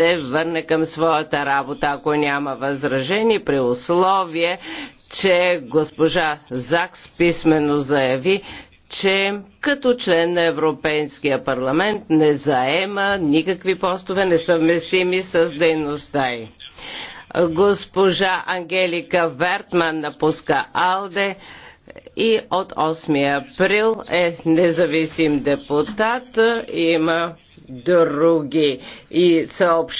се върне към своята работа, ако няма възражение, при условие, че госпожа Закс писменно заяви, че като член на Европейския парламент не заема никакви постове несъвместими с дейността й. Госпожа Ангелика Вертман напуска Алде и от 8 април е независим депутат. Има други и съобщения